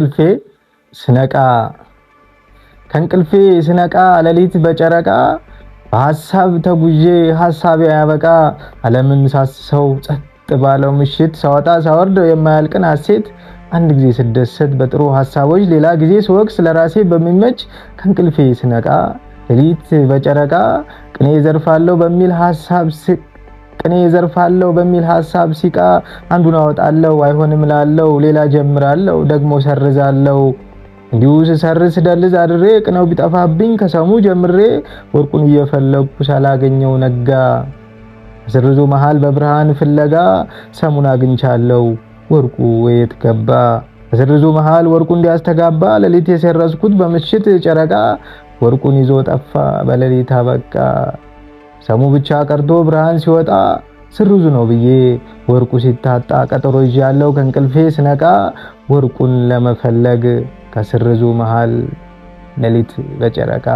ከእንቅልፌ ስነቃ ከእንቅልፌ ስነቃ ሌሊት በጨረቃ በሀሳብ ተጉዤ ሀሳቤ አያበቃ ዓለምን ሳስሰው ጸጥ ባለው ምሽት ሳወጣ ሳወርድ የማያልቅን አሴት አንድ ጊዜ ስደሰት በጥሩ ሀሳቦች ሌላ ጊዜ ስወቅስ ለራሴ በሚመች ከእንቅልፌ ስነቃ ሌሊት በጨረቃ ቅኔ ዘርፋለሁ በሚል ሀሳብ ስቅ ቅኔ ዘርፋለሁ በሚል ሀሳብ ሲቃ አንዱን አወጣለሁ፣ አይሆንም ላለው ሌላ ጀምራለሁ፣ ደግሞ ሰርዛለሁ። እንዲሁ ስሰርስ ደልዝ አድሬ ቅኔው ቢጠፋብኝ ከሰሙ ጀምሬ ወርቁን እየፈለግኩ ሳላገኘው ነጋ። ስርዙ መሃል በብርሃን ፍለጋ ሰሙን አግኝቻለሁ፣ ወርቁ ወየት ገባ? በስርዙ መሃል ወርቁ እንዲያስተጋባ ሌሊት የሰረዝኩት በምሽት ጨረቃ ወርቁን ይዞ ጠፋ በሌሊት አበቃ። ሰሙ ብቻ ቀርቶ ብርሃን ሲወጣ ስሩዙ ነው ብዬ ወርቁ ሲታጣ ቀጠሮ ይዤ ያለው ከእንቅልፌ ስነቃ ወርቁን ለመፈለግ ከስርዙ መሃል ሌሊት በጨረቃ